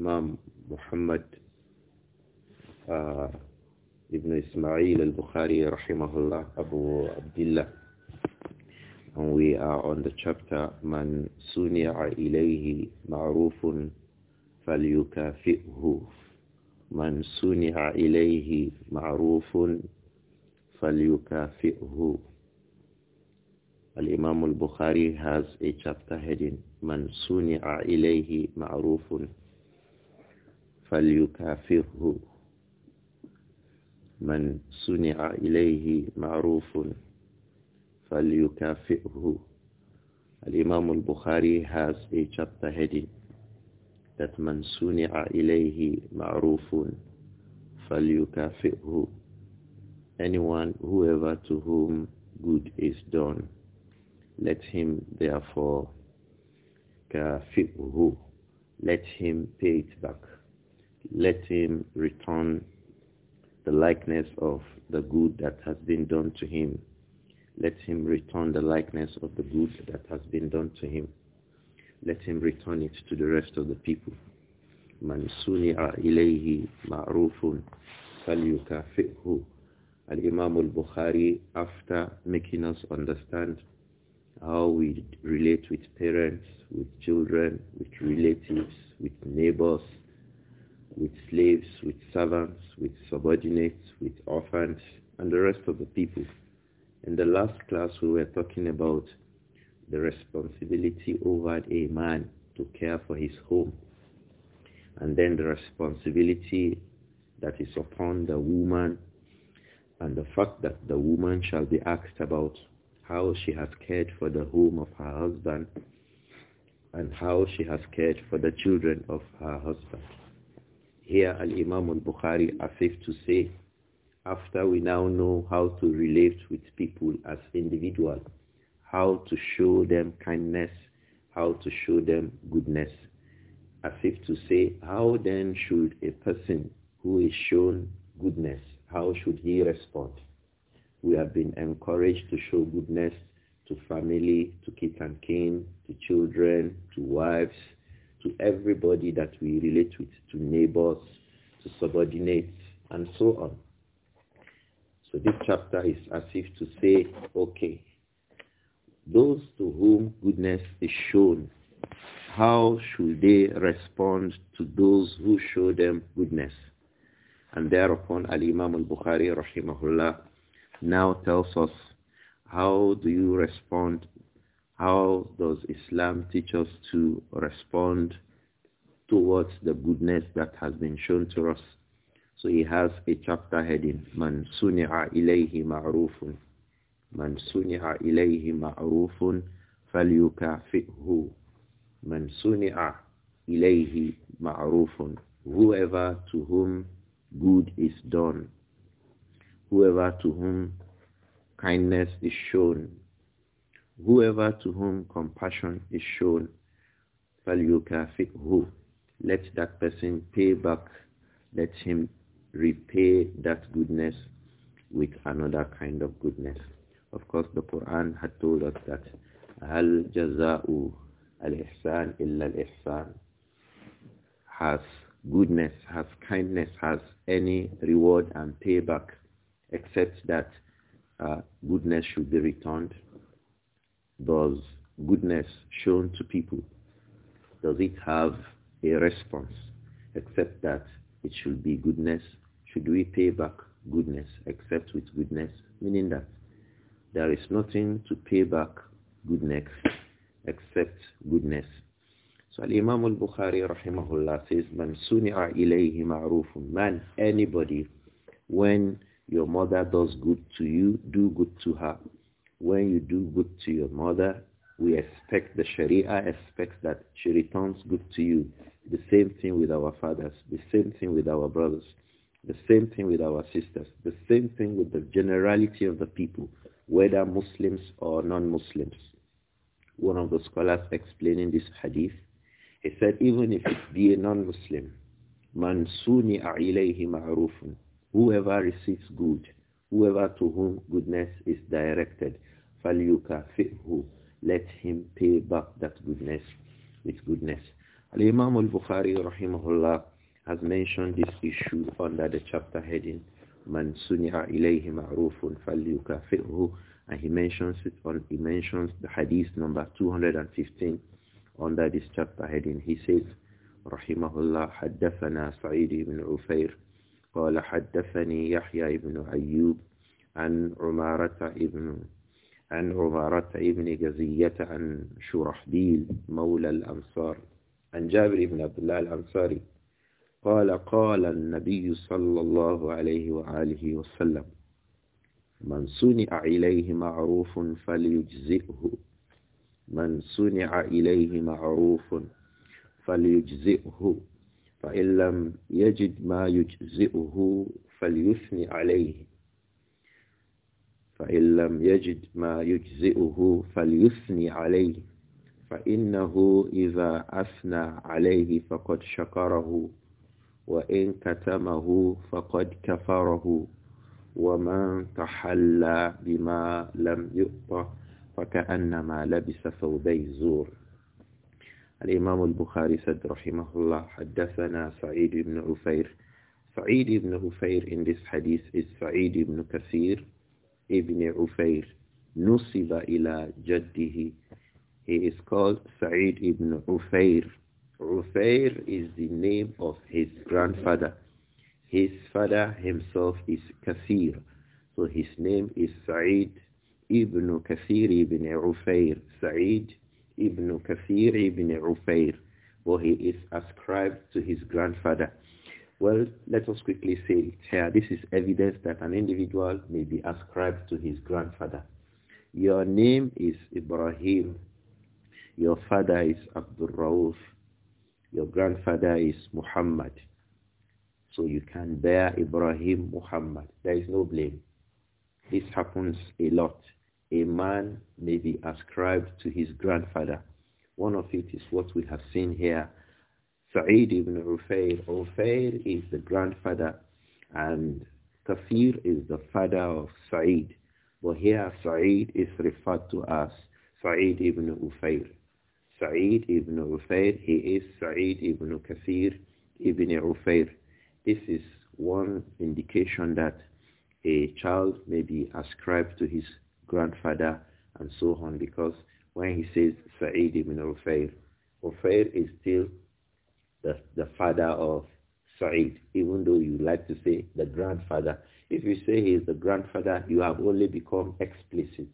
الإمام محمد آه ابن البخاري رحمه الله أبو عبد الله and we are on the chapter من سنع إليه معروف فليكافئه من سنع إليه معروف فليكافئه الإمام البخاري has a chapter heading من سنع إليه معروف فليكافره من صنع إليه معروف فليكافئه الإمام البخاري has a chapter heading that من صنع إليه معروف فليكافئه anyone whoever to whom good is done let him therefore كافئه let him pay it back let him return the likeness of the good that has been done to him. Let him return the likeness of the good that has been done to him. Let him return it to the rest of the people. من سنع إليه معروف فليكافئه Al-Imam al-Bukhari, after making us understand how we relate with parents, with children, with relatives, with neighbors, with slaves, with servants, with subordinates, with orphans, and the rest of the people. In the last class, we were talking about the responsibility over a man to care for his home, and then the responsibility that is upon the woman, and the fact that the woman shall be asked about how she has cared for the home of her husband and how she has cared for the children of her husband. Here Al-Imam al-Bukhari are safe to say, after we now know how to relate with people as individuals, how to show them kindness, how to show them goodness, as if to say, how then should a person who is shown goodness, how should he respond? We have been encouraged to show goodness to family, to kith and kin, to children, to wives, to everybody that we relate with, to neighbors, to subordinates, and so on. So this chapter is as if to say, okay, those to whom goodness is shown, how should they respond to those who show them goodness? And thereupon Al-Imam al-Bukhari rahimahullah now tells us, how do you respond how does Islam teach us to respond towards the goodness that has been shown to us? So he has a chapter heading, Man suni'a ilayhi ma'rufun. Man suni'a ilayhi ma'rufun falyukafi'hu. Man suni'a ilayhi ma'rufun. Whoever to whom good is done. Whoever to whom kindness is shown, Whoever to whom compassion is shown, who let that person pay back, let him repay that goodness with another kind of goodness. Of course, the Quran had told us that al-jaza'u al-ihsan illa al-ihsan has goodness, has kindness, has any reward and payback except that uh, goodness should be returned does goodness shown to people, does it have a response? Except that it should be goodness. Should we pay back goodness except with goodness? Meaning that there is nothing to pay back goodness except goodness. So Imam al-Bukhari rahimahullah says, Man suni'a ilayhi ma'rufun. Man, anybody, when your mother does good to you, do good to her when you do good to your mother, we expect the Sharia expects that she returns good to you. The same thing with our fathers, the same thing with our brothers, the same thing with our sisters, the same thing with the generality of the people, whether Muslims or non-Muslims. One of the scholars explaining this hadith, he said, even if it be a non-Muslim, man suni ilayhi ma'rufun, whoever receives good, whoever to whom goodness is directed, فَلْيُكَافِئْهُ Let him pay back that goodness with goodness. Al-Imam al-Bukhari rahimahullah has mentioned this issue under the chapter heading Man suni'a ilayhi ma'rufun falyukafi'hu and he mentions it on he mentions the hadith number 215 under this chapter heading. He says, Rahimahullah, حدثنا سعيد بن عفير قال حدثني يحيى بن أيوب عن عمارة ابن عن عمارة ابن جزية عن شرحبيل مولى الأنصار عن جابر بن عبد الله الأنصاري قال قال النبي صلى الله عليه وآله وسلم من صنع إليه معروف فليجزئه من صنع إليه معروف فليجزئه فإن لم يجد ما يجزئه فليثني عليه فإن لم يجد ما يجزئه فليثني عليه فإنه إذا أثنى عليه فقد شكره وإن كتمه فقد كفره ومن تحلى بما لم يؤط فكأنما لبس ثوبي زور الإمام البخاري said رحمه الله حدثنا سعيد بن عفير سعيد بن عفير in this hadith is سعيد بن كثير ابن عفير نصب إلى جده he is called Sa'id ibn Ufair Ufair is the name of his grandfather his father himself is Kathir so his name is Sa'id ابن Kathir ابن Ufair Sa'id Ibn Kathir Ibn Ufair, where he is ascribed to his grandfather. Well, let us quickly say here. This is evidence that an individual may be ascribed to his grandfather. Your name is Ibrahim. Your father is Abdul Rauf. Your grandfather is Muhammad. So you can bear Ibrahim Muhammad. There is no blame. This happens a lot a man may be ascribed to his grandfather. One of it is what we have seen here. Sa'id ibn Ufayr. Ufayr is the grandfather and Kafir is the father of Sa'id. But here Sa'id is referred to as Sa'id ibn Ufayr. Sa'id ibn Ufayr, he is Sa'id ibn Kafir ibn Ufayr. This is one indication that a child may be ascribed to his grandfather, and so on, because when he says Sa'id ibn Ufayr, Ufayr is still the, the father of Sa'id, even though you like to say the grandfather. If you say he is the grandfather, you have only become explicit.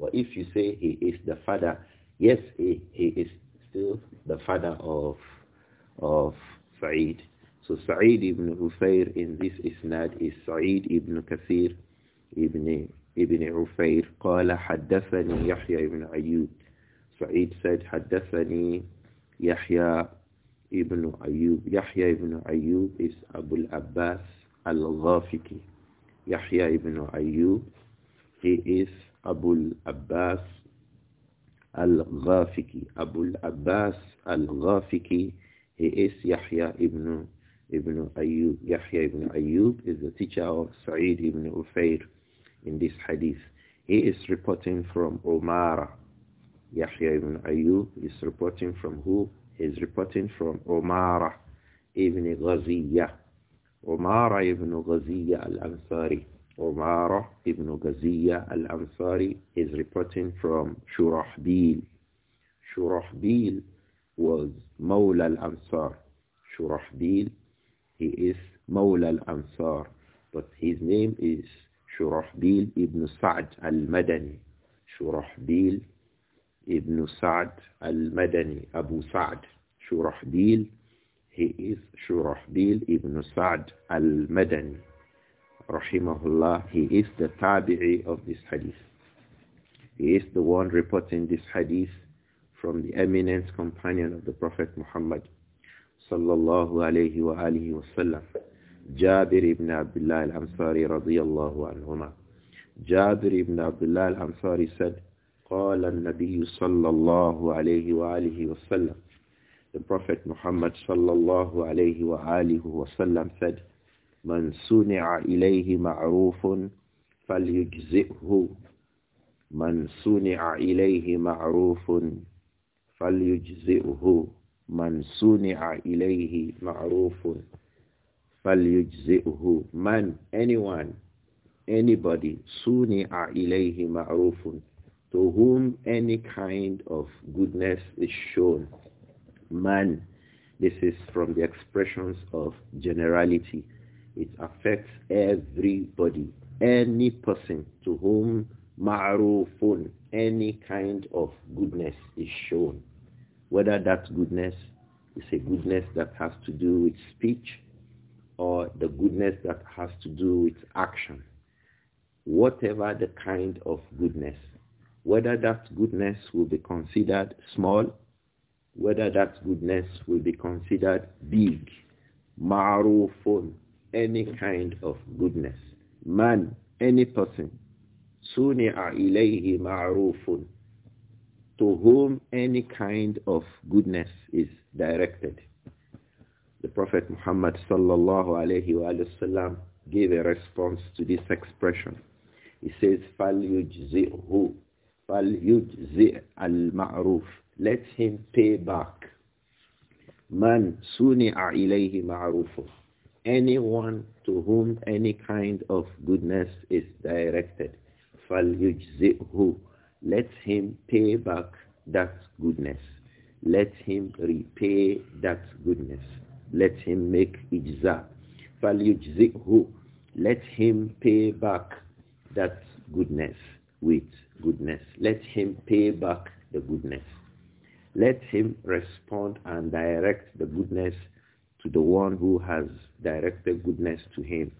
But if you say he is the father, yes, he, he is still the father of of Sa'id. So Sa'id ibn Hufayr in this isnad is Sa'id ibn Kathir ibn ابن عفير قال حدثني يحيى بن أيوب سعيد سيد حدثني يحيى ابن أيوب يحيى ابن أيوب is أبو العباس الغافكي يحيى ابن أيوب he is أبو العباس الغافكي أبو العباس الغافكي he is يحيى ابن ابن أيوب يحيى ابن أيوب is the teacher of سعيد ابن أفير in this hadith. He is reporting from Umar. Yahya ibn Ayyub is reporting from who? He is reporting from Umara ibn Ghaziyah. Umara ibn Ghaziyah al-Ansari. Umara ibn Ghaziyah al-Ansari is reporting from Shurahbil. Shurahbil was Mawla al-Ansar. Shurahbil, he is Mawla al-Ansar. But his name is شرحبيل ابن سعد المدني شرحبيل ابن سعد المدني أبو سعد شرحبيل he is شرحبيل ابن سعد المدني رحمه الله he is the tabi'i of this hadith he is the one reporting this hadith from the eminent companion of the Prophet Muhammad صلى الله عليه وآله وسلم جابر بن عبد الله al-Ansari الله عنهما Jabir ibn Abdullah al-Ansari said, قال النبي صلى الله عليه وآله وسلم The Prophet Muhammad صلى الله عليه وآله وسلم said, من صنع إليه معروف فليجزئه من صنع إليه معروف فليجزئه من صنع إليه معروف فَلْيُجْزِئُهُ Man, anyone, anybody, سُنِعَ إِلَيْهِ مَعْرُوفٌ To whom any kind of goodness is shown. Man, this is from the expressions of generality. It affects everybody, any person to whom ma'rufun, any kind of goodness is shown. Whether that goodness is a goodness that has to do with speech, or the goodness that has to do with action. Whatever the kind of goodness, whether that goodness will be considered small, whether that goodness will be considered big, ma'rufun, any kind of goodness. Man, any person, suni'a ilayhi ma'rufun, to whom any kind of goodness is directed the Prophet Muhammad sallallahu alayhi wa sallam gave a response to this expression. He says, فَلْيُجْزِئْهُ فَلْيُجْزِئْ الْمَعْرُوفِ Let him pay back. Man suni'a ilayhi ma'rufu. Anyone to whom any kind of goodness is directed. فَلْيُجْزِئْهُ Let him pay back that goodness. Let him repay that goodness let him make ijza. Falyujzikhu, let him pay back that goodness with goodness. Let him pay back the goodness. Let him respond and direct the goodness to the one who has directed goodness to him.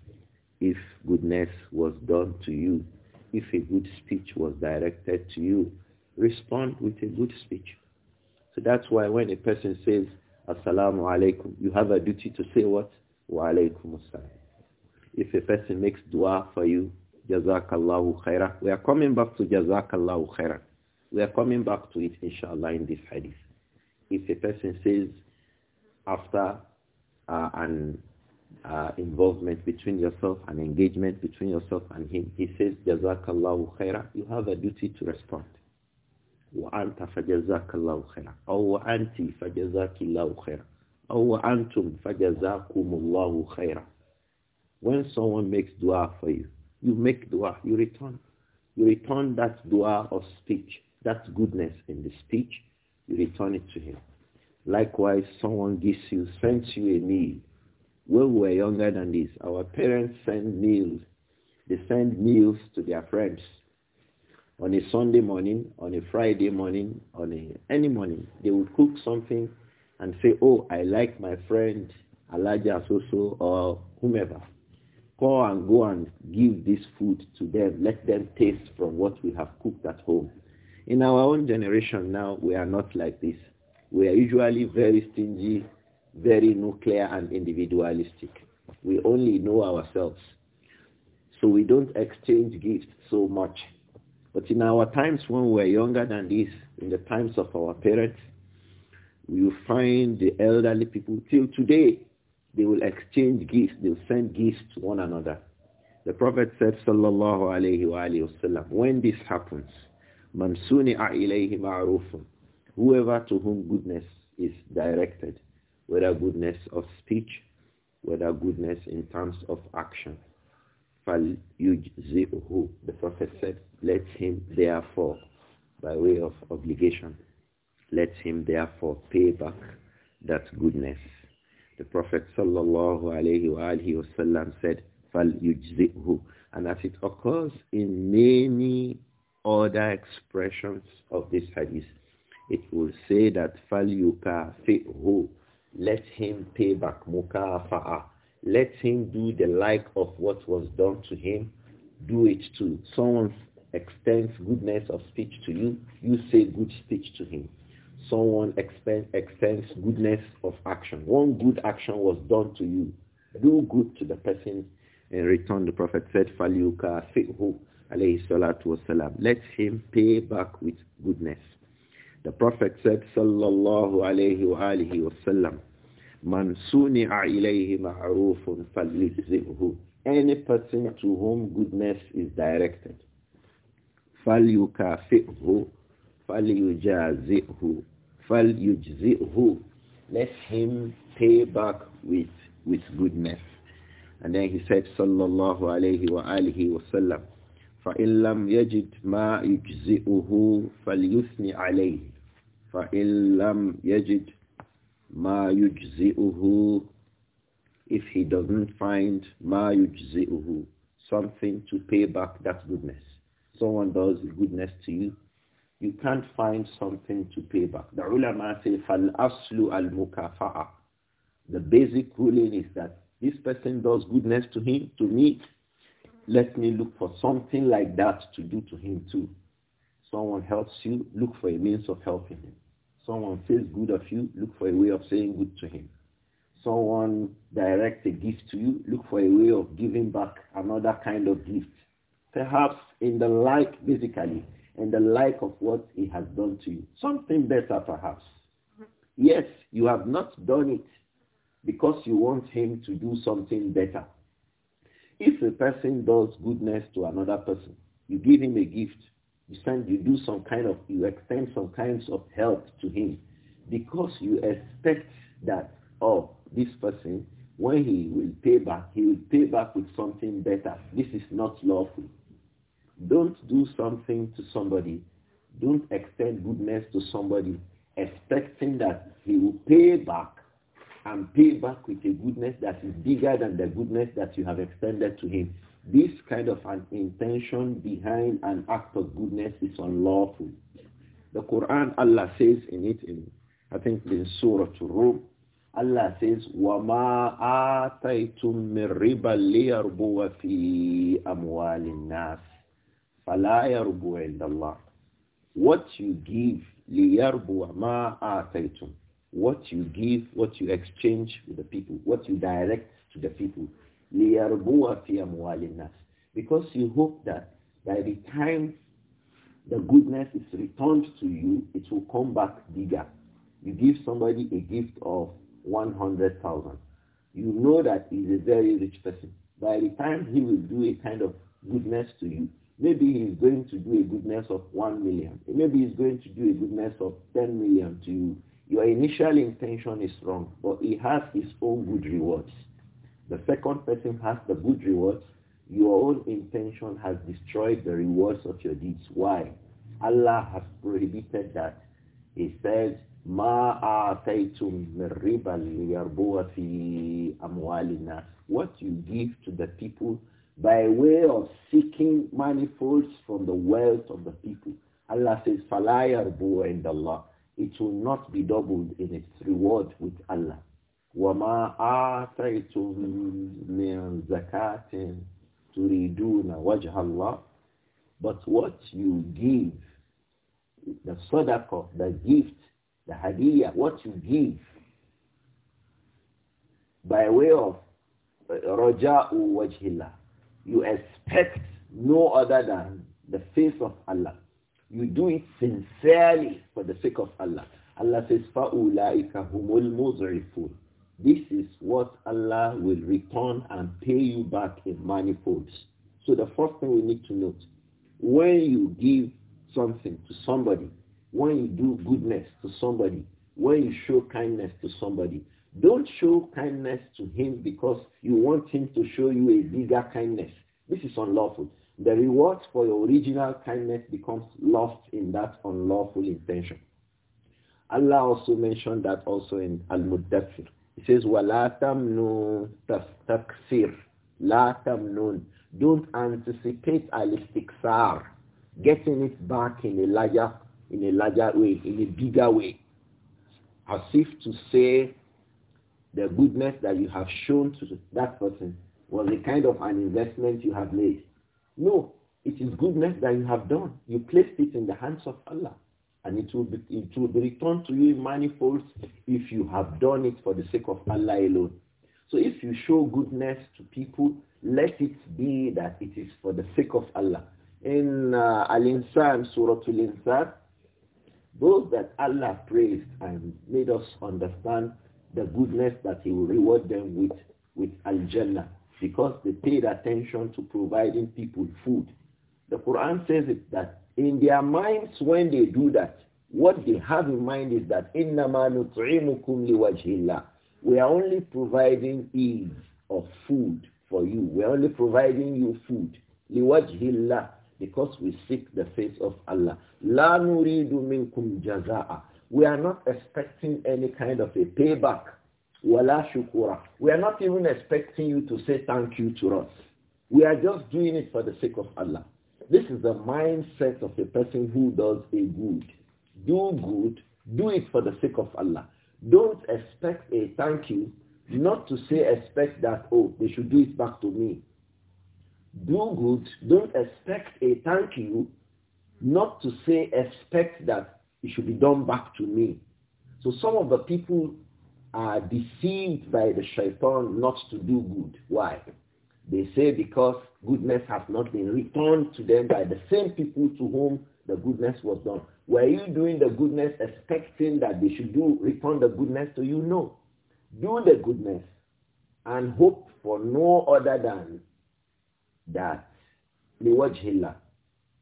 If goodness was done to you, if a good speech was directed to you, respond with a good speech. So that's why when a person says, Assalamu alaikum. You have a duty to say what? Wa alaikum assalam. If a person makes dua for you, Jazakallahu khairah. We are coming back to Jazakallahu khairah. We are coming back to it, inshallah, in this hadith. If a person says after uh, an uh, involvement between yourself, an engagement between yourself and him, he says Jazakallahu khairah, you have a duty to respond. وأنت فجزاك الله خيرا أو أنت فجزاك الله خيرا أو أنتم فجزاكم الله خيرا When someone makes dua for you, you make dua, you return. You return that dua of speech, that goodness in the speech, you return it to him. Likewise, someone gives you, sends you a meal. When we were younger than this, our parents send meals. They send meals to their friends on a Sunday morning, on a Friday morning, on a, any morning, they would cook something and say, oh, I like my friend Alaja Soso or whomever. Go and go and give this food to them. Let them taste from what we have cooked at home. In our own generation now, we are not like this. We are usually very stingy, very nuclear and individualistic. We only know ourselves. So we don't exchange gifts so much but in our times when we're younger than this, in the times of our parents, you find the elderly people till today, they will exchange gifts, they'll send gifts to one another. The Prophet said, sallallahu alaihi wasallam, when this happens, man suni'a ilayhi ma'rufun, whoever to whom goodness is directed, whether goodness of speech, whether goodness in terms of action. فَلْيُجْزِئُهُ The Prophet said, let him therefore, by way of obligation, let him therefore pay back that goodness. The Prophet sallallahu alayhi wa wasallam said, فَلْيُجْزِئُهُ And as it occurs in many other expressions of this hadith, it will say that فَلْيُكَافِئُهُ Let him pay back mukafa'a. Let him do the like of what was done to him. Do it to someone extends goodness of speech to you. You say good speech to him. Someone extends, extends goodness of action. One good action was done to you. Do good to the person in return. The Prophet said, "Faliuka fi'hu alayhi salatu wasalam. Let him pay back with goodness. The Prophet said, sallallahu alayhi wa alihi wasallam, Man suni'a ilayhi ma'rufun falyujzibhu. Any person to whom goodness is directed. Falyukafi'hu, falyujazi'hu, falyujzi'hu. Let him pay back with, with goodness. And then he said, sallallahu alayhi wa alihi wa sallam, فَإِن لَمْ يَجِدْ مَا يُجْزِئُهُ فَلْيُثْنِ عَلَيْهِ فَإِن لَمْ يَجِدْ ma yujzi'uhu, if he doesn't find ma yujzi'uhu, something to pay back that goodness. Someone does goodness to you, you can't find something to pay back. The ulama say, al الْمُكَافَأَةِ The basic ruling is that this person does goodness to him, to me, let me look for something like that to do to him too. Someone helps you, look for a means of helping him. Someone feels good of you, look for a way of saying good to him. Someone directs a gift to you, look for a way of giving back another kind of gift. Perhaps in the like, basically, in the like of what he has done to you. Something better, perhaps. Yes, you have not done it because you want him to do something better. If a person does goodness to another person, you give him a gift, you send, you do some kind of, you extend some kinds of help to him because you expect that, oh, this person, when he will pay back, he will pay back with something better. This is not lawful. Don't do something to somebody. Don't extend goodness to somebody expecting that he will pay back and pay back with a goodness that is bigger than the goodness that you have extended to him. This kind of an intention behind an act of goodness is unlawful. The Quran, Allah says in it, in, I think in Surah Rum, Allah says, وَمَا آتَيْتُم مِّن رِبًا لِيَرْبُوَ فِي أَمْوَالِ النَّاسِ فَلَا يَرْبُوَ عِندَ اللَّهِ What you give, لِيَرْبُوَ مَا آتَيْتُم What you give, what you exchange with the people, what you direct to the people, لِيَرْبُوَ فِي أَمْوَالِ النَّاسِ Because you hope that by the time the goodness is returned to you, it will come back bigger. You give somebody a gift of 100,000. You know that he's a very rich person. By the time he will do a kind of goodness to you, maybe he's going to do a goodness of 1 million. Maybe he's going to do a goodness of 10 million to you. Your initial intention is wrong, but he has his own good rewards. The second person has the good reward. Your own intention has destroyed the rewards of your deeds. Why? Allah has prohibited that. He says, ما آتيتم من ربا في أموالنا What you give to the people by way of seeking manifolds from the wealth of the people. Allah says, فَلَا يَرْبُوَ عِنْدَ اللَّهِ It will not be doubled in its reward with Allah. وَمَا آتَيْتُم مِّن زَكَاةٍ تُرِيدُونَ وَجْهَ اللَّهِ But what you give, the sadaqah, the gift, the hadiyah, what you give by way of raja'u wajhillah, you expect no other than the face of Allah. You do it sincerely for the sake of Allah. Allah says, فَأُولَٰئِكَ هُمُ الْمُضْعِفُونَ this is what Allah will return and pay you back in manifolds. So the first thing we need to note, when you give something to somebody, when you do goodness to somebody, when you show kindness to somebody, don't show kindness to him because you want him to show you a bigger kindness. This is unlawful. The reward for your original kindness becomes lost in that unlawful intention. Allah also mentioned that also in Al-Muddathir. He says, وَلَا تَمْنُوا تَسْتَكْثِرْ لَا تَمْنُونَ Don't anticipate al-istiksar, getting it back in a larger, in a larger way, in a bigger way. As if to say the goodness that you have shown to that person was a kind of an investment you have made. No, it is goodness that you have done. You placed it in the hands of Allah and it will be it will be returned to you in manifolds if you have done it for the sake of Allah alone. So if you show goodness to people, let it be that it is for the sake of Allah. In uh, Al-Insan, Surah Al-Insan, those that Allah praised and made us understand the goodness that he will reward them with, with Al-Jannah, because they paid attention to providing people food. The Quran says it, that in their minds, when they do that, what they have in mind is that إِنَّمَا نُطْعِمُكُمْ We are only providing ease of food for you. We are only providing you food. لِوَجْهِ Because we seek the face of Allah. لَا نُرِيدُ مِنْكُمْ جَزَاءً We are not expecting any kind of a payback. وَلَا We are not even expecting you to say thank you to us. We are just doing it for the sake of Allah. This is the mindset of a person who does a good. Do good. Do it for the sake of Allah. Don't expect a thank you. Not to say expect that, oh, they should do it back to me. Do good. Don't expect a thank you. Not to say expect that it should be done back to me. So some of the people are deceived by the shaitan not to do good. Why? They say because goodness has not been returned to them by the same people to whom the goodness was done. Were you doing the goodness expecting that they should do return the goodness to you? No. Do the goodness and hope for no other than that. لِوَجْهِ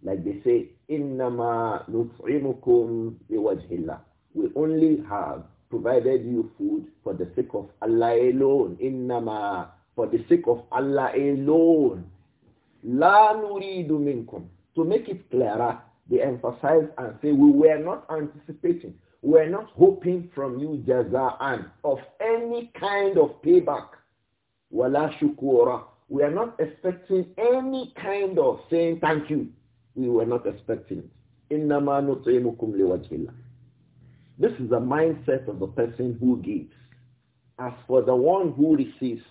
Like they say, إِنَّمَا نُطْعِمُكُمْ لِوَجْهِ We only have provided you food for the sake of Allah alone. إِنَّمَا for the sake of Allah alone. La nuridu minkum. To make it clearer, they emphasize and say, we were not anticipating, we are not hoping from you jaza'an of any kind of payback. Wala shukura. We are not expecting any kind of saying thank you. We were not expecting it. إِنَّمَا نُطْعِمُكُمْ This is the mindset of the person who gives. As for the one who receives,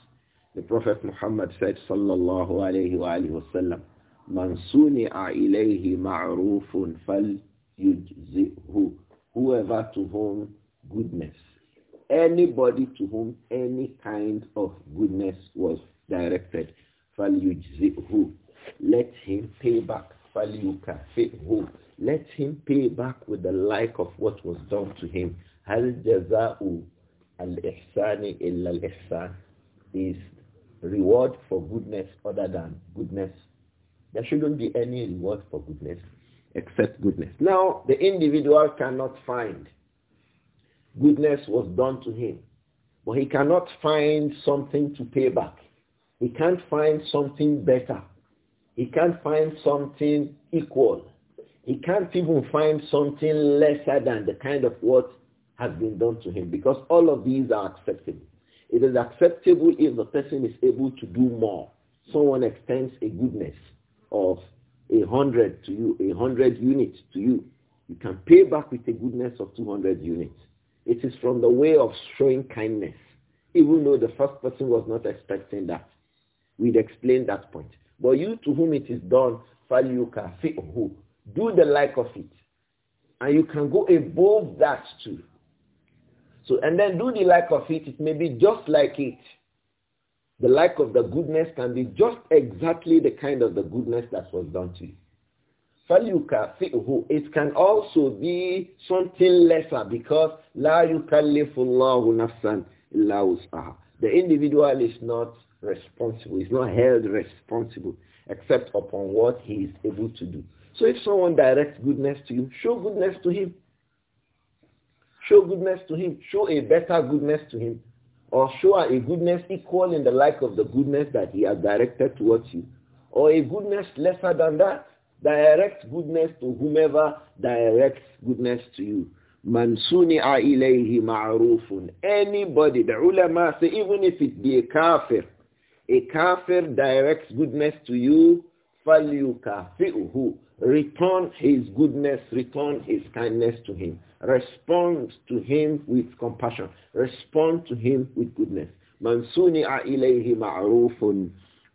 the Prophet Muhammad said, sallallahu alayhi wa alayhi wa sallam, man suni'a ilayhi ma'rufun fal yujzi'hu. Whoever to whom goodness, anybody to whom any kind of goodness was directed, fal yujzi'hu. Let him pay back fal yukafi'hu. Let him pay back with the like of what was done to him. Hal jaza'u al-ihsani illa al-ihsan is reward for goodness other than goodness. There shouldn't be any reward for goodness except goodness. Now, the individual cannot find. Goodness was done to him. But he cannot find something to pay back. He can't find something better. He can't find something equal. He can't even find something lesser than the kind of what has been done to him because all of these are acceptable. It is acceptable if the person is able to do more. Someone extends a goodness of a hundred to you, a hundred units to you. You can pay back with a goodness of 200 units. It is from the way of showing kindness, even though the first person was not expecting that. We'd explain that point. But you to whom it is done, do the like of it. And you can go above that too. So, and then do the like of it, it may be just like it. The like of the goodness can be just exactly the kind of the goodness that was done to you. It can also be something lesser because The individual is not responsible, is not held responsible except upon what he is able to do. So if someone directs goodness to you, show goodness to him show goodness to him, show a better goodness to him, or show a goodness equal in the like of the goodness that he has directed towards you, or a goodness lesser than that, direct goodness to whomever directs goodness to you. Man suni'a ilayhi ma'rufun. Anybody, the ulama say, even if it be a kafir, a kafir directs goodness to you, falyukafi'uhu. Return his goodness, return his kindness to him. Respond to him with compassion. Respond to him with goodness. Man suni'a ilayhi ma'rufun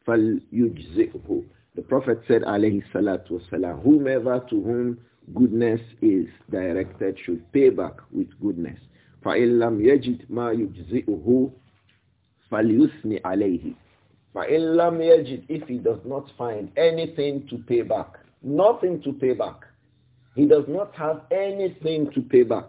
The Prophet said, alayhi salatu wasalam, whomever to whom goodness is directed should pay back with goodness. فَإِنْ لَمْ يَجِدْ مَا يُجْزِئُهُ فَلْيُثْنِ عَلَيْهِ فَإِنْ لَمْ يَجِدْ If he does not find anything to pay back, nothing to pay back, he does not have anything to pay back.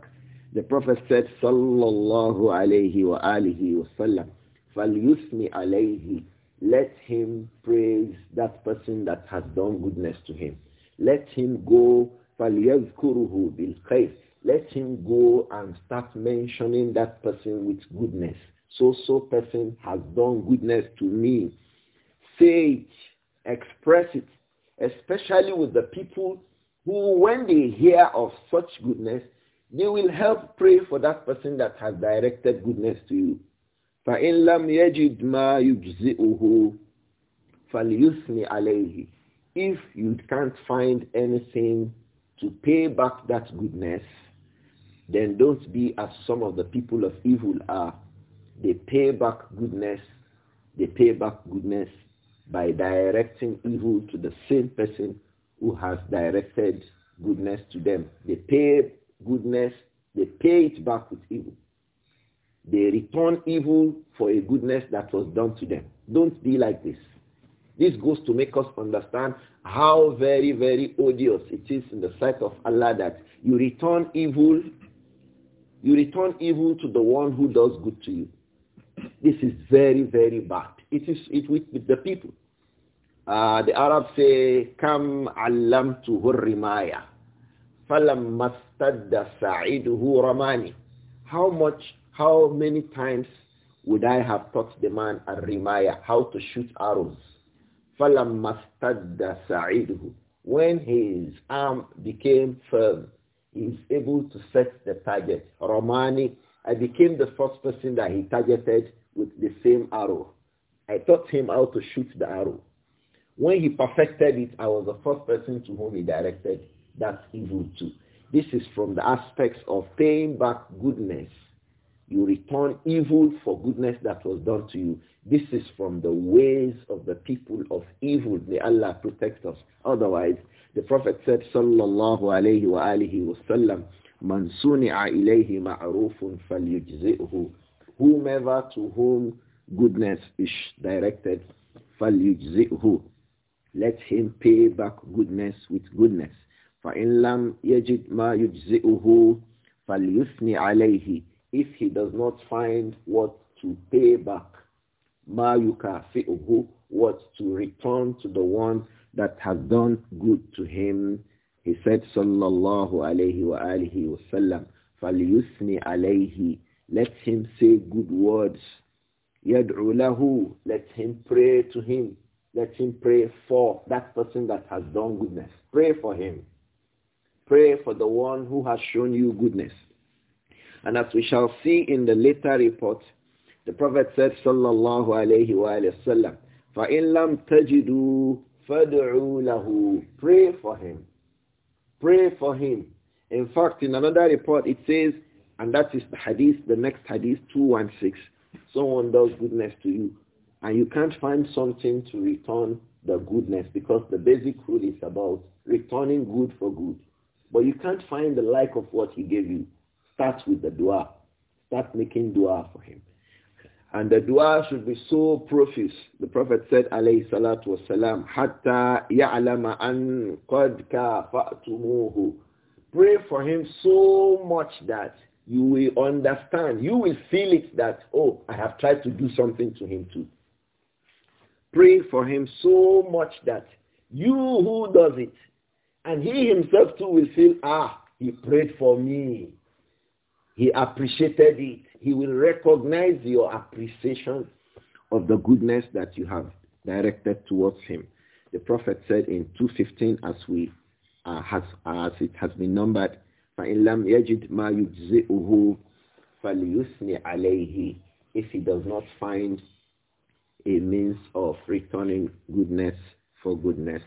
The Prophet said, Sallallahu alayhi wa alihi wa sallam, فَلْيُثْنِ alayhi. Let him praise that person that has done goodness to him. Let him go, bil بِالْخَيْرِ Let him go and start mentioning that person with goodness. So-so person has done goodness to me. Say it, express it, especially with the people who when they hear of such goodness, they will help pray for that person that has directed goodness to you. فَإِنْ لَمْ يَجِدْ مَا يُجْزِئُهُ فَلْيُثْنِ عَلَيْهِ If you can't find anything to pay back that goodness, then don't be as some of the people of evil are. They pay back goodness. They pay back goodness by directing evil to the same person who has directed goodness to them. They pay goodness, they pay it back with evil. They return evil for a goodness that was done to them. Don't be like this. This goes to make us understand how very, very odious it is in the sight of Allah that you return evil, you return evil to the one who does good to you. This is very, very bad. It is it with, with the people. Uh, the Arabs say, Kam allamtuhu rimaya. Falamma stadda sa'iduhu ramani. How much, how many times would I have taught the man a rimaya, how to shoot arrows? Falamma stadda sa'iduhu. When his arm became firm, he is able to set the target. Romani, I became the first person that he targeted with the same arrow. I taught him how to shoot the arrow. When he perfected it, I was the first person to whom he directed that evil to. This is from the aspects of paying back goodness. You return evil for goodness that was done to you. This is from the ways of the people of evil. May Allah protect us. Otherwise, the Prophet said, Sallallahu alayhi wa alihi wa sallam, Man suni'a ilayhi ma'rufun falyujzi'hu. Whomever to whom goodness is directed, falyujzi'hu let him pay back goodness with goodness. فَإِنْ لَمْ يَجِدْ يُجْزِئُهُ فَلْيُثْنِ عَلَيْهِ If he does not find what to pay back, مَا يُكَافِئُهُ What to return to the one that has done good to him. He said, sallallahu alayhi wa alihi wa sallam, فَلْيُثْنِ عَلَيْهِ Let him say good words. يَدْعُ لَهُ Let him pray to him. Let him pray for that person that has done goodness. Pray for him. Pray for the one who has shown you goodness. And as we shall see in the later report, the Prophet said, Sallallahu alayhi wa, alayhi wa sallam, فَإِن لَمْ تَجِدُوا فَدْعُوا لَهُ Pray for him. Pray for him. In fact, in another report, it says, and that is the hadith, the next hadith, 216, someone does goodness to you. And you can't find something to return the goodness because the basic rule is about returning good for good. But you can't find the like of what he gave you. Start with the dua. Start making dua for him. And the dua should be so profuse. The Prophet said, alayhi salatu wasalam, hatta ya'lama an qad kafa'tumuhu. Pray for him so much that you will understand. You will feel it that, oh, I have tried to do something to him too praying for him so much that you who does it, and he himself too will feel, ah, he prayed for me. He appreciated it. He will recognize your appreciation of the goodness that you have directed towards him. The Prophet said in 215, as we uh, has, as it has been numbered, فَإِنْ لَمْ يَجِدْ مَا يُجْزِئُهُ عَلَيْهِ If he does not find a means of returning goodness for goodness.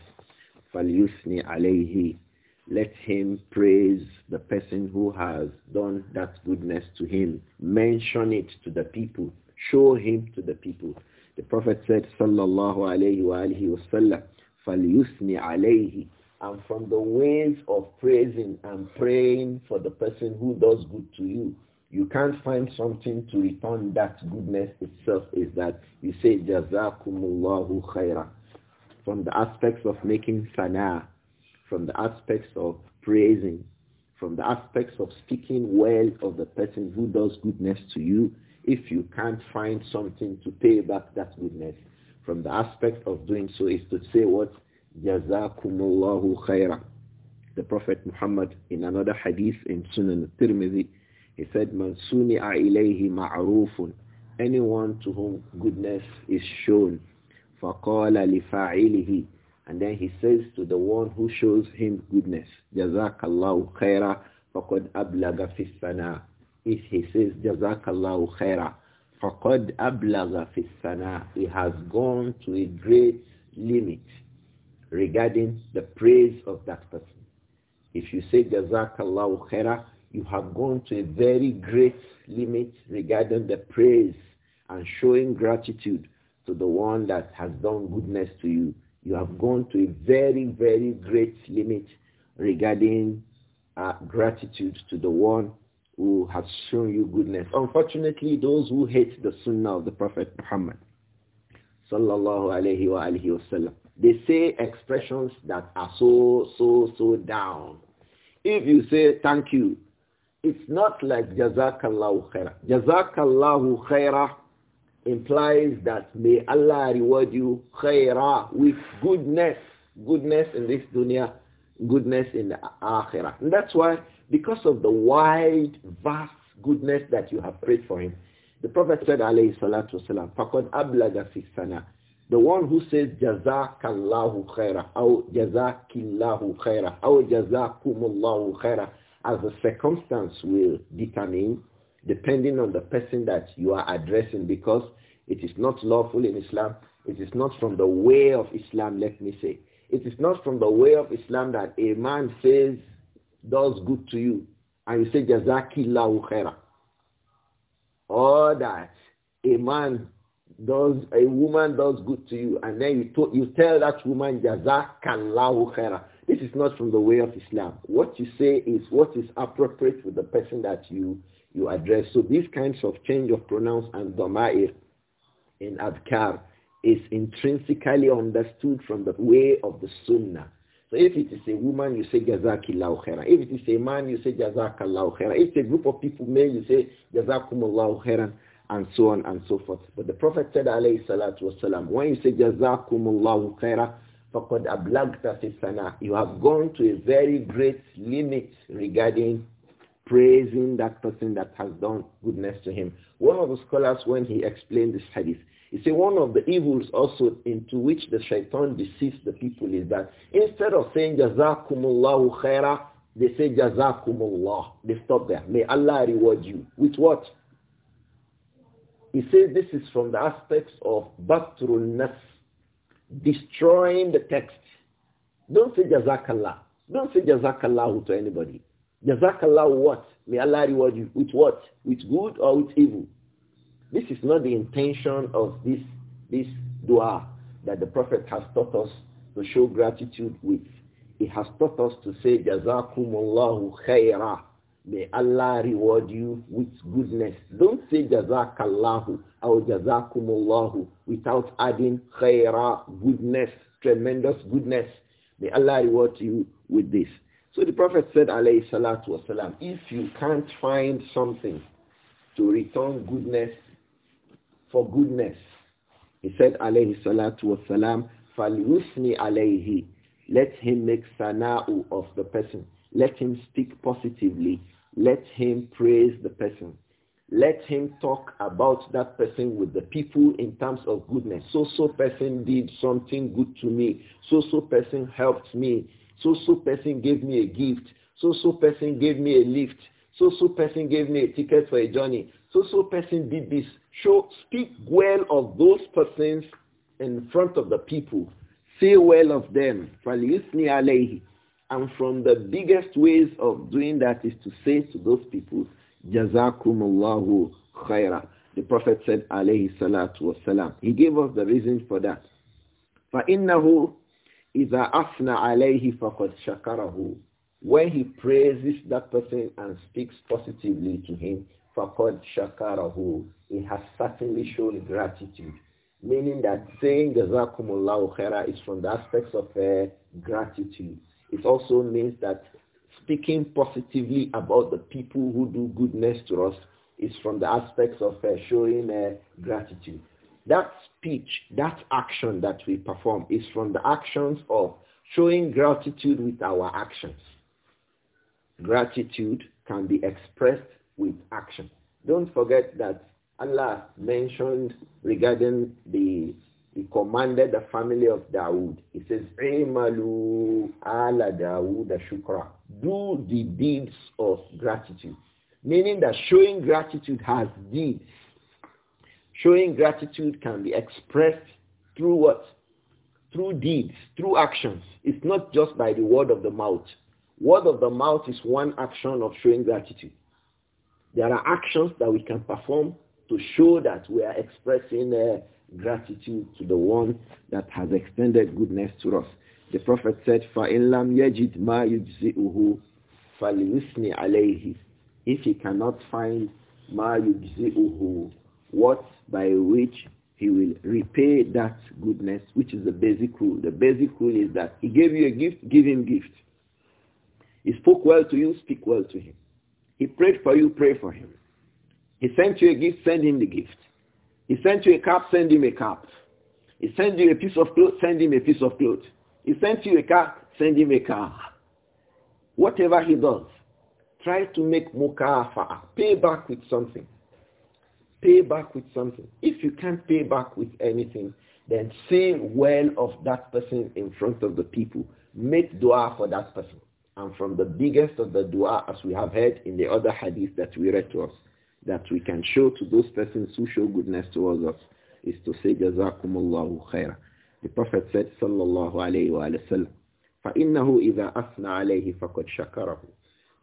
فَلْيُثْنِ alayhi. Let him praise the person who has done that goodness to him. Mention it to the people. Show him to the people. The Prophet said, sallallahu alayhi wa alihi wa sallam, and from the ways of praising and praying for the person who does good to you you can't find something to return that goodness itself is that you say Jazakumullahu khaira. From the aspects of making sana, from the aspects of praising, from the aspects of speaking well of the person who does goodness to you, if you can't find something to pay back that goodness, from the aspect of doing so is to say what? Jazakumullahu khaira. The Prophet Muhammad in another hadith in Sunan tirmidhi he said, Man suni'a ilayhi ma'rufun. Anyone to whom goodness is shown. فَقَالَ لِفَاعِلِهِ And then he says to the one who shows him goodness, جَزَاكَ اللَّهُ خَيْرًا فَقَدْ أَبْلَغَ فِي السَّنَاءِ If he says, جَزَاكَ اللَّهُ خَيْرًا فَقَدْ أَبْلَغَ فِي السَّنَاءِ He has gone to a great limit regarding the praise of that person. If you say, جَزَاكَ اللَّهُ خَيْرًا you have gone to a very great limit regarding the praise and showing gratitude to the one that has done goodness to you. You have gone to a very, very great limit regarding uh, gratitude to the one who has shown you goodness. Unfortunately, those who hate the sunnah of the Prophet Muhammad, sallallahu alayhi wa alayhi wasallam, they say expressions that are so, so, so down. If you say thank you, it's not like Jazakallahu khairah. Jazakallahu khairah implies that may Allah reward you khairah with goodness. Goodness in this dunya, goodness in the akhirah. And that's why, because of the wide, vast goodness that you have prayed for him, the Prophet said, alayhi salatu wasalam, فَقَدْ أَبْلَغَ فِي the one who says jazakallahu khaira or jazakillahu khaira or الله خيرا as the circumstance will determine depending on the person that you are addressing because it is not lawful in Islam. It is not from the way of Islam, let me say. It is not from the way of Islam that a man says, does good to you, and you say, lahu khaira. Or that a man does, a woman does good to you, and then you, to, you tell that woman, Jazakallahu khaira. This is not from the way of Islam. What you say is what is appropriate with the person that you, you address. So these kinds of change of pronouns and doma'ir in adkar is intrinsically understood from the way of the sunnah. So if it is a woman, you say jazakillahu khairan. If it is a man, you say jazakallahu khairan. If it's a group of people, may you say jazakumullahu khairan and so on and so forth. But the Prophet said, alayhi salatu wasalam, when you say jazakumullahu khairan, فَقَدْ أَبْلَغْتَ فِي الثَّنَاءِ You have gone to a very great limit regarding praising that person that has done goodness to him. One of the scholars, when he explained this hadith, he said one of the evils also into which the shaitan deceives the people is that instead of saying jazakumullahu khaira, they say jazakumullah. They stop there. May Allah reward you. With what? He says this is from the aspects of batrul nafs destroying the text. Don't say Jazakallah. Don't say Jazakallah to anybody. Jazakallah what? May Allah reward you. With what? With good or with evil? This is not the intention of this, this dua that the Prophet has taught us to show gratitude with. He has taught us to say Jazakumullahu khairah May Allah reward you with goodness. Don't say jazakallahu or jazakumullahu without adding khaira, goodness, tremendous goodness. May Allah reward you with this. So the Prophet said, alayhi salatu if you can't find something to return goodness for goodness, he said, alayhi salatu wasalam, falyusni let him make sana'u of the person. Let him speak positively. Let him praise the person. Let him talk about that person with the people in terms of goodness. So-so person did something good to me. So-so person helped me. So-so person gave me a gift. So-so person gave me a lift. So-so person gave me a ticket for a journey. So-so person did this. Show, speak well of those persons in front of the people say well of them. And from the biggest ways of doing that is to say to those people, Jazakumullahu khaira. The Prophet said, alayhi salatu wasalam. He gave us the reason for that. فَإِنَّهُ إِذَا أَثْنَ عَلَيْهِ فَقَدْ شَكَرَهُ When he praises that person and speaks positively to him, فَقَدْ شَكَرَهُ He has certainly shown gratitude meaning that saying Jazakumullahu khaira is from the aspects of uh, gratitude. It also means that speaking positively about the people who do goodness to us is from the aspects of uh, showing uh, gratitude. That speech, that action that we perform is from the actions of showing gratitude with our actions. Gratitude can be expressed with action. Don't forget that Allah mentioned regarding the, he commanded the family of Dawood. He says, Imalu ala Dawood shukra. Do the deeds of gratitude. Meaning that showing gratitude has deeds. Showing gratitude can be expressed through what? Through deeds, through actions. It's not just by the word of the mouth. Word of the mouth is one action of showing gratitude. There are actions that we can perform to show that we are expressing uh, gratitude to the one that has extended goodness to us. The Prophet said, فَإِنْ لَمْ يَجِدْ مَا يُجْزِئُهُ فَلْيُثْنِ عَلَيْهِ If he cannot find مَا يُجْزِئُهُ, what by which he will repay that goodness, which is the basic rule. The basic rule is that he gave you a gift, give him gift. He spoke well to you, speak well to him. He prayed for you, pray for him. He sent you a gift, send him the gift. He sent you a cap, send him a cap. He sent you a piece of cloth, send him a piece of cloth. He sent you a car, send him a car. Whatever he does, try to make mukafa, pay back with something. Pay back with something. If you can't pay back with anything, then say well of that person in front of the people. Make dua for that person. And from the biggest of the dua, as we have heard in the other hadith that we read to us, that we can show to those persons who show goodness towards us is to say jazakumullahu khaira. The Prophet said sallallahu alayhi wa sallam, فَإِنَّهُ إِذَا أَثْنَى عَلَيْهِ فَقَدْ شَكَرَهُ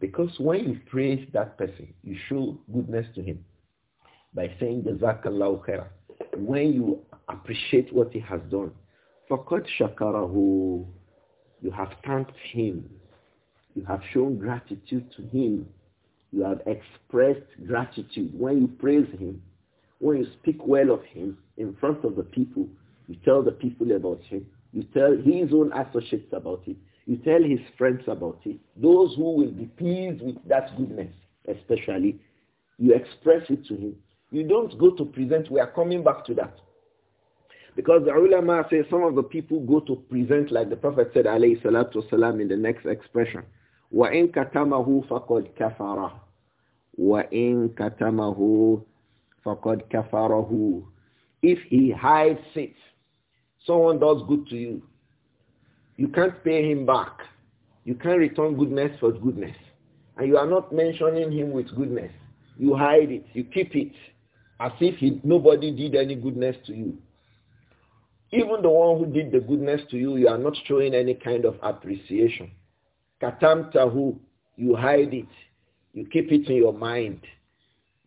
Because when you praise that person, you show goodness to him by saying jazakallahu khaira. When you appreciate what he has done, فَقَدْ شَكَرَهُ You have thanked him. You have shown gratitude to him you have expressed gratitude when you praise him, when you speak well of him in front of the people. You tell the people about him. You tell his own associates about it. You tell his friends about it. Those who will be pleased with that goodness, especially, you express it to him. You don't go to present. We are coming back to that. Because the ulama says some of the people go to present like the Prophet said, alayhi salatu salam, in the next expression. وإن كتمه فقد كفره وإن كتمه فقد كفره If he hides it, someone does good to you. You can't pay him back. You can't return goodness for goodness. And you are not mentioning him with goodness. You hide it. You keep it as if he, nobody did any goodness to you. Even the one who did the goodness to you, you are not showing any kind of appreciation. Katamtahu, you hide it. You keep it in your mind.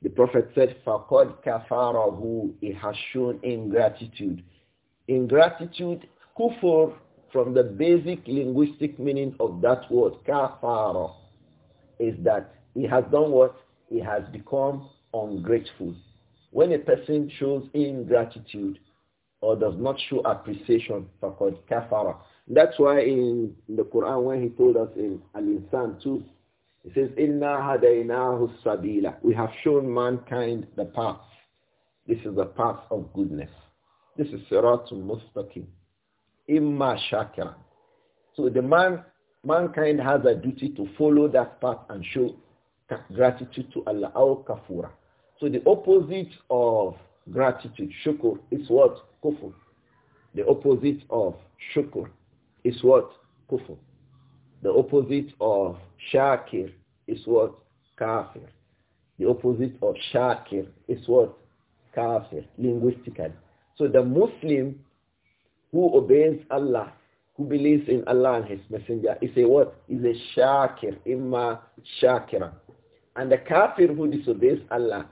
The Prophet said, Fakod kafarahu, he has shown ingratitude. Ingratitude, kufur, from the basic linguistic meaning of that word, kafara, is that he has done what? He has become ungrateful. When a person shows ingratitude or does not show appreciation, fakod kafara, that's why in the Quran, when he told us in Al-Insan 2, he says, Inna hadaynahu sabila. We have shown mankind the path. This is the path of goodness. This is siratul mustaqim. Imma shakira. So the man, mankind has a duty to follow that path and show gratitude to Allah, our kafura. So the opposite of gratitude, shukur, is what? Kufur. The opposite of shukur is what? Kufr. The opposite of shakir is what? Kafir. The opposite of shakir is what? Kafir, linguistically. So the Muslim who obeys Allah, who believes in Allah and His Messenger, is a what? Is a shakir, imma shakira. And the kafir who disobeys Allah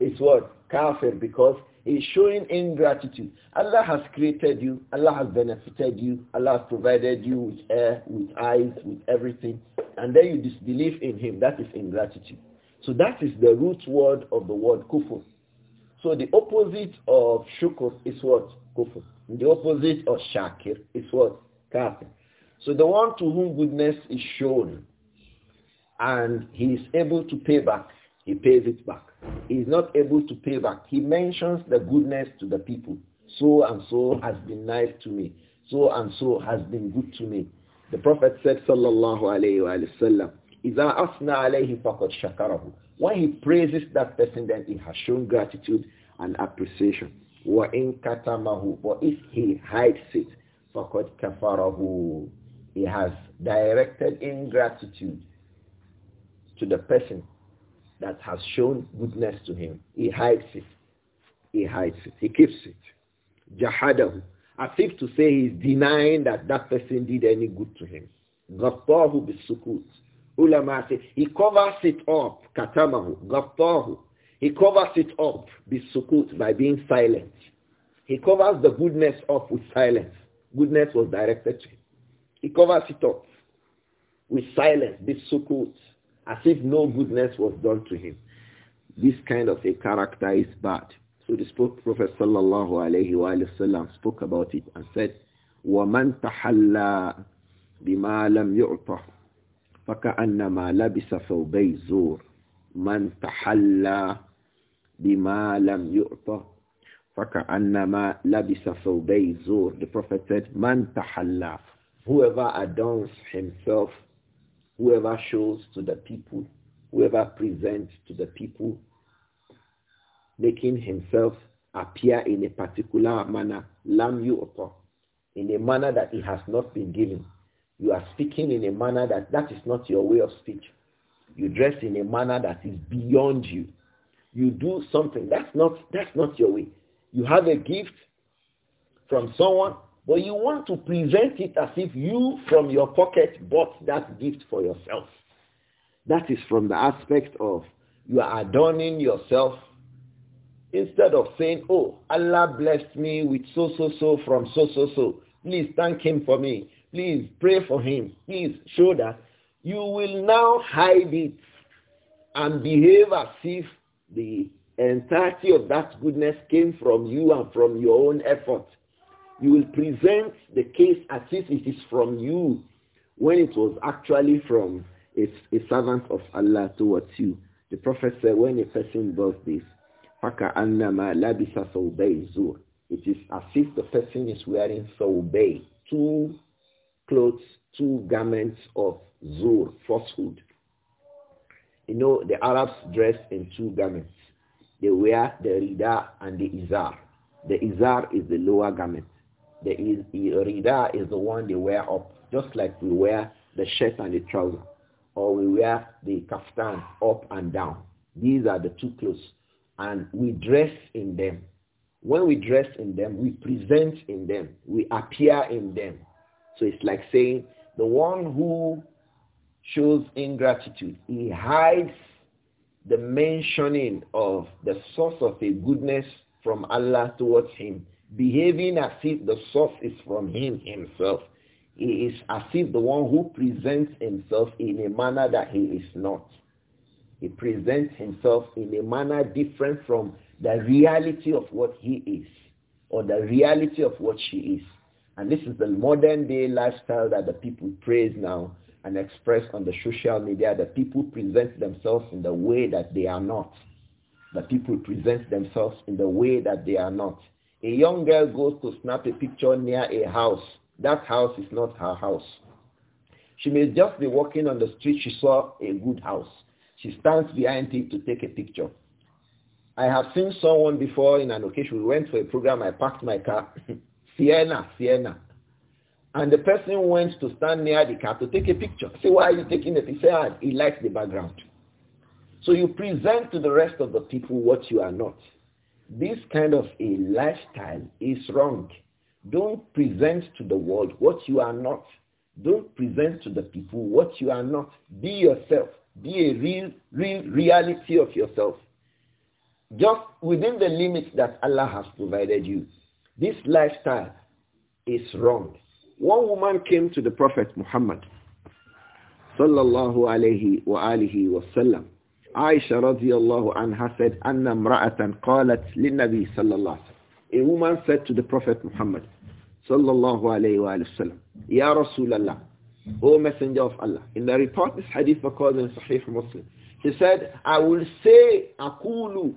is what? Kafir because is showing ingratitude. Allah has created you. Allah has benefited you. Allah has provided you with air, with eyes, with everything. And then you disbelieve in him. That is ingratitude. So that is the root word of the word kufr. So the opposite of shukr is what? Kufr. The opposite of shakir is what? Kafir. So the one to whom goodness is shown and he is able to pay back he pays it back. He is not able to pay back. He mentions the goodness to the people. So and so has been nice to me. So and so has been good to me. The Prophet said, Sallallahu alayhi wa sallam, إِذَا أَثْنَى عَلَيْهِ فَقَدْ شَكَرَهُ When he praises that person, then he has shown gratitude and appreciation. وَإِن كَتَمَهُ But if he hides it, فَقَدْ كَفَرَهُ He has directed ingratitude to the person that has shown goodness to him. He hides it. He hides it. He keeps it. Jahadahu. As if to say he's denying that that person did any good to him. Ghattahu bisukut. Ulama say he covers it up. Katamahu. Ghattahu. He covers it up bisukut by being silent. He covers the goodness up with silence. Goodness was directed to him. He covers it up with silence, bisukut as if no goodness was done to him. This kind of a character is bad. So the Prophet sallallahu alayhi wa sallam spoke about it and said, وَمَنْ تَحَلَّى بِمَا لَمْ يُعْطَهُ فَكَأَنَّمَا لَبِسَ فُوَبِّي زُورٍ مَنْ تَحَلَّى بِمَا لَمْ يُعْطَهُ فَكَأَنَّمَا لَبِسَ زُورٍ The Prophet said, مَنْ تَحَلَّى Whoever adorns himself whoever shows to the people, whoever presents to the people, making himself appear in a particular manner, you upon, in a manner that he has not been given. You are speaking in a manner that that is not your way of speech. You dress in a manner that is beyond you. You do something that's not that's not your way. You have a gift from someone but you want to present it as if you from your pocket bought that gift for yourself. That is from the aspect of you are adorning yourself instead of saying, oh, Allah blessed me with so, so, so from so, so, so. Please thank him for me. Please pray for him. Please show that. You will now hide it and behave as if the entirety of that goodness came from you and from your own effort. You will present the case as if it is from you when it was actually from a, a servant of Allah towards you. The Prophet said, when a person does this, it is as if the person is wearing sawbay, two clothes, two garments of zur, falsehood. You know, the Arabs dress in two garments. They wear the rida and the izar. The izar is the lower garment. The rida is the one they wear up, just like we wear the shirt and the trouser, or we wear the kaftan up and down. These are the two clothes, and we dress in them. When we dress in them, we present in them, we appear in them. So it's like saying the one who shows ingratitude, he hides the mentioning of the source of a goodness from Allah towards him behaving as if the source is from him himself. He is as if the one who presents himself in a manner that he is not. He presents himself in a manner different from the reality of what he is or the reality of what she is. And this is the modern day lifestyle that the people praise now and express on the social media that people present themselves in the way that they are not. That people present themselves in the way that they are not. A young girl goes to snap a picture near a house. That house is not her house. She may just be walking on the street. She saw a good house. She stands behind it to take a picture. I have seen someone before in an occasion. We went for a program. I parked my car. Sienna, Sienna. And the person went to stand near the car to take a picture. Say, why are you taking a picture? said he likes the background. So you present to the rest of the people what you are not. This kind of a lifestyle is wrong. Don't present to the world what you are not. Don't present to the people what you are not. Be yourself. Be a real, real reality of yourself. Just within the limits that Allah has provided you. This lifestyle is wrong. One woman came to the Prophet Muhammad sallallahu alayhi wa alihi wasallam Aisha radiallahu anha said, Anna mra'atan qalat linnabi sallallahu A woman said to the Prophet Muhammad sallallahu alayhi wa sallam, Ya Rasulallah, O Messenger of Allah. In the report, this hadith recorded in Sahih Muslim. He said, I will say, Akulu,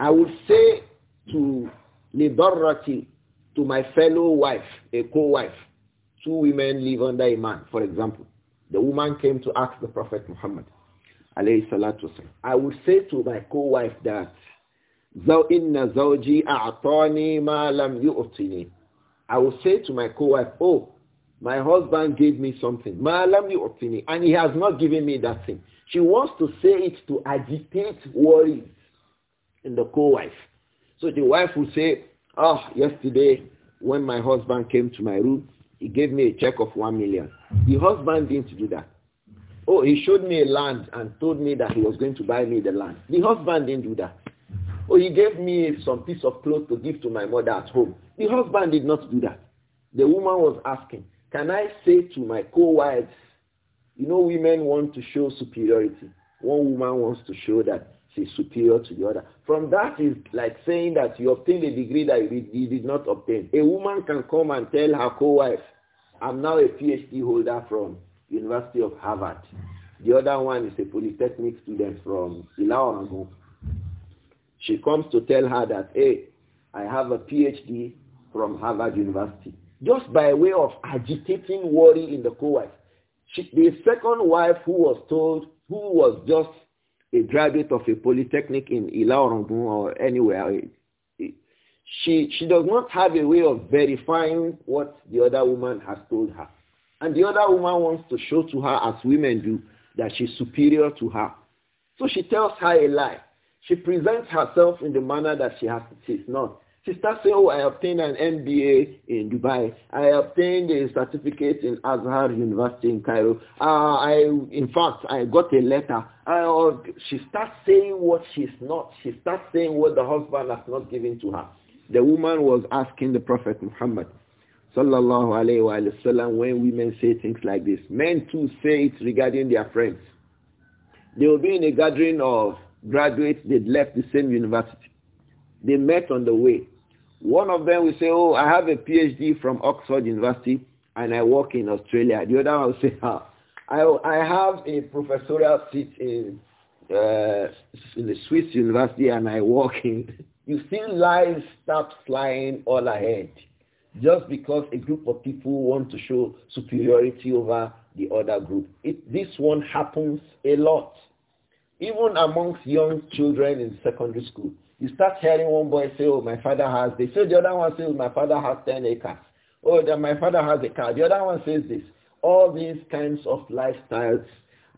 I will say to libarati, to my fellow wife, a co-wife. Two women live under a man, for example. The woman came to ask the Prophet Muhammad I would say to my co-wife that, inna زَوْجِي أَعْطَانِي مَا لَمْ يُؤْتِنِي I would say to my co-wife, oh, my husband gave me something, مَا you يُؤْتِنِي And he has not given me that thing. She wants to say it to agitate worries in the co-wife. So the wife will say, oh, yesterday when my husband came to my room, he gave me a check of one million. The husband didn't do that. Oh, he showed me a land and told me that he was going to buy me the land. The husband didn't do that. Oh, he gave me some piece of cloth to give to my mother at home. The husband did not do that. The woman was asking, can I say to my co-wives, you know women want to show superiority. One woman wants to show that she's superior to the other. From that is like saying that you obtained a degree that you did not obtain. A woman can come and tell her co-wife, I'm now a PhD holder from University of Harvard. The other one is a polytechnic student from Ilaorago. She comes to tell her that, hey, I have a PhD from Harvard University. Just by way of agitating worry in the co-wife. the second wife who was told, who was just a graduate of a polytechnic in Ilaorago or anywhere, she, she does not have a way of verifying what the other woman has told her. And the other woman wants to show to her, as women do, that she's superior to her. So she tells her a lie. She presents herself in the manner that she has, she's not. She starts saying, oh, I obtained an MBA in Dubai. I obtained a certificate in Azhar University in Cairo. Uh, I, in fact, I got a letter. I, uh, she starts saying what she's not. She starts saying what the husband has not given to her. The woman was asking the Prophet Muhammad sallallahu alayhi wa, sallam, when women say things like this, men too say it regarding their friends. They will be in a gathering of graduates, they left the same university. They met on the way. One of them will say, oh, I have a PhD from Oxford University and I work in Australia. The other one will say, ah, I, I have a professorial seat in, uh, in the Swiss University and I work in... You see lies start flying all ahead just because a group of people want to show superiority over the other group. It, this one happens a lot. Even amongst young children in secondary school, you start hearing one boy say, oh, my father has this. So the other one says, my father has 10 acres. Oh, then my father has a car. The other one says this. All these kinds of lifestyles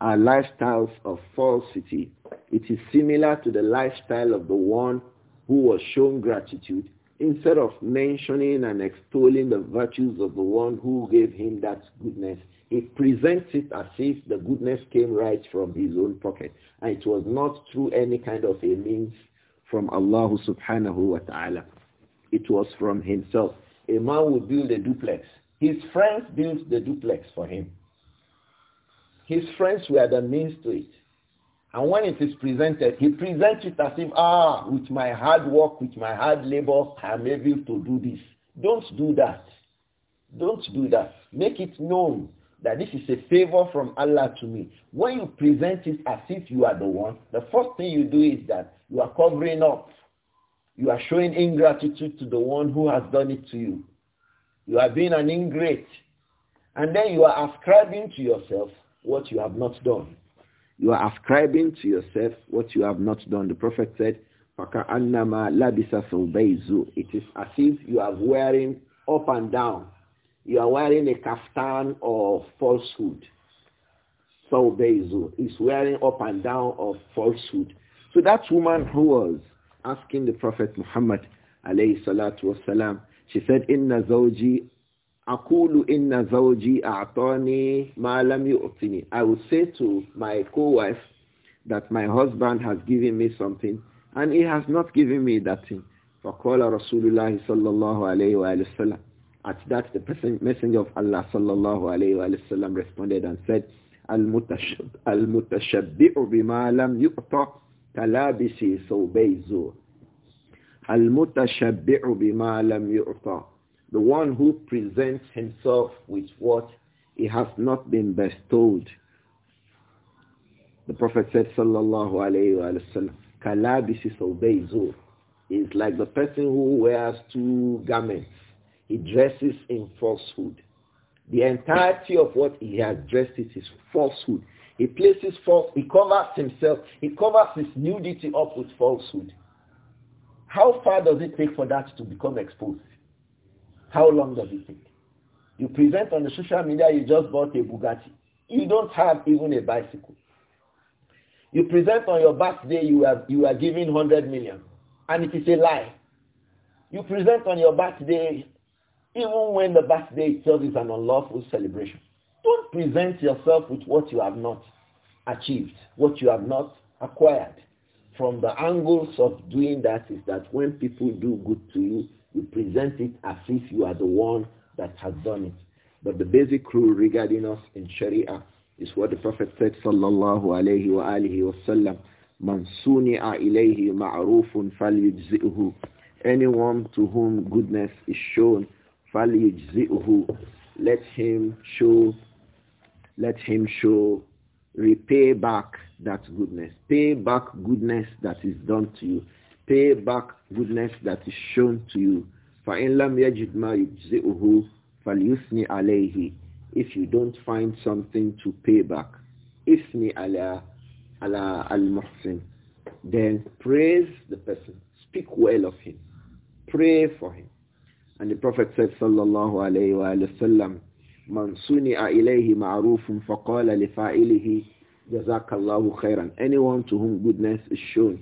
are lifestyles of falsity. It is similar to the lifestyle of the one who was shown gratitude instead of mentioning and extolling the virtues of the one who gave him that goodness, he presents it as if the goodness came right from his own pocket and it was not through any kind of a means from Allah subhanahu wa ta'ala. It was from himself. A man would build a duplex. His friends built the duplex for him. His friends were the means to it. And when it is presented, he presents it as if, ah, with my hard work, with my hard labor, I'm able to do this. Don't do that. Don't do that. Make it known that this is a favor from Allah to me. When you present it as if you are the one, the first thing you do is that you are covering up. You are showing ingratitude to the one who has done it to you. You are being an ingrate. And then you are ascribing to yourself what you have not done. You are ascribing to yourself what you have not done. The Prophet said, It is as if you are wearing up and down. You are wearing a kaftan of falsehood. So is wearing up and down of falsehood. So that woman who was asking the Prophet Muhammad alayhi salatu wasalam, she said, Inna zawji Akulu inna zawji a'tani ma lam yu'tini. I will say to my co-wife that my husband has given me something and he has not given me that thing. فَقَالَ رَسُولُ اللَّهِ صَلَّى اللَّهُ عَلَيْهِ At that the messenger of Allah sallallahu alayhi wa sallam responded and said, الْمُتَشَبِّعُ بِمَا لَمْ يُؤْتَ talabisi سَوْبَيْ Al-mutashabbi'u بِمَا لَمْ يُؤْتَ the one who presents himself with what he has not been bestowed. The Prophet said, sallallahu alayhi wa Kalabis kalabisi is like the person who wears two garments. He dresses in falsehood. The entirety of what he has dressed is falsehood. He places false, he covers himself, he covers his nudity up with falsehood. How far does it take for that to become exposed? How long does it take? You present on the social media you just bought a Bugatti. You don't have even a bicycle. You present on your birthday you are, you are giving 100 million. And it is a lie. You present on your birthday even when the birthday itself is an unlawful celebration. Don't present yourself with what you have not achieved, what you have not acquired. From the angles of doing that is that when people do good to you, you present it as if you are the one that has done it. But the basic rule regarding us in Sharia is what the Prophet said, sallallahu alayhi wa alihi wasallam, man suni'a ilayhi ma'rufun falyujzi'uhu. Anyone to whom goodness is shown, falyujzi'uhu. Let him show, let him show, repay back that goodness. Pay back goodness that is done to you. Pay back goodness that is shown to you. لَمْ يَجِدْ عَلَيْهِ If you don't find something to pay back, عَلَى الْمُحْسِنِ Then praise the person. Speak well of him. Pray for him. And the Prophet said, sallallahu alayhi wa sallam, من صنع إليه معروف فقال لفاعله جزاك الله خيرا. Anyone to whom goodness is shown,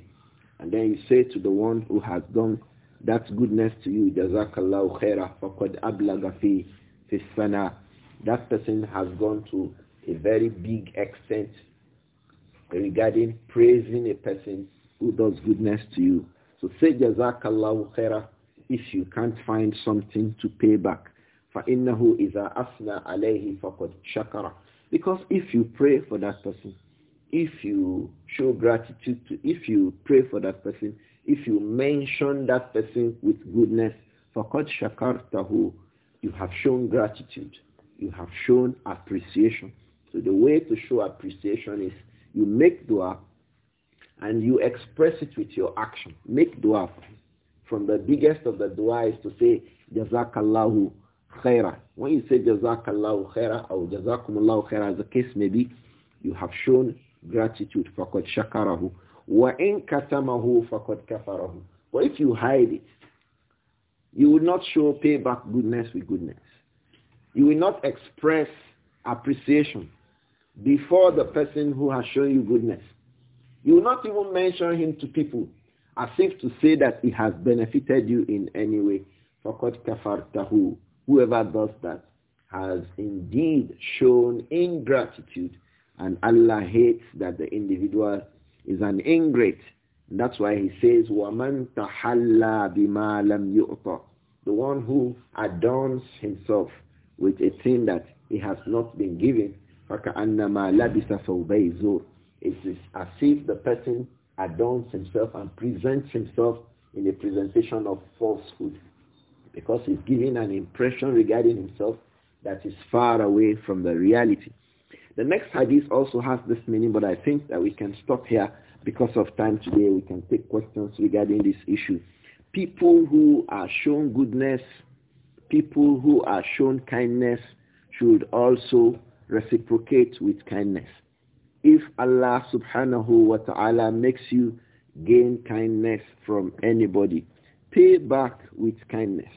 and then you say to the one who has done that goodness to you, Jazakallahu khairah, faqad ablaga fi, fi That person has gone to a very big extent regarding praising a person who does goodness to you. So say Jazakallahu khairah if you can't find something to pay back. فَإِنَّهُ إِذَا أَثْنَى عَلَيْهِ فَقَدْ شَكَرَ Because if you pray for that person, if you show gratitude to, if you pray for that person, if you mention that person with goodness, فَقَدْ شَكَرْتَهُ You have shown gratitude. You have shown appreciation. So the way to show appreciation is you make dua and you express it with your action. Make dua. From the biggest of the dua is to say, Jazakallahu khaira. When you say Jazakallahu khaira or Jazakumullahu khaira, as the case may be, you have shown gratitude, فَقَدْ شَكَرَهُ وَإِنْ كَتَمَهُ فَقَدْ كَفَرَهُ But if you hide it, you will not show payback goodness with goodness. You will not express appreciation before the person who has shown you goodness. You will not even mention him to people as if to say that he has benefited you in any way. فَقَدْ كَفَرْتَهُ Whoever does that has indeed shown ingratitude and Allah hates that the individual is an ingrate. That's why he says, وَمَنْ تَحَلَّى بِمَا لَمْ يُؤْطَ The one who adorns himself with a thing that he has not been given, فَكَأَنَّمَا لَبِسَ ثَوْبَيْ زُورٍ It is as if the person adorns himself and presents himself in a presentation of falsehood because he's giving an impression regarding himself that is far away from the reality. The next hadith also has this meaning, but I think that we can stop here because of time today. We can take questions regarding this issue. People who are shown goodness, people who are shown kindness should also reciprocate with kindness. If Allah subhanahu wa ta'ala makes you gain kindness from anybody, pay back with kindness.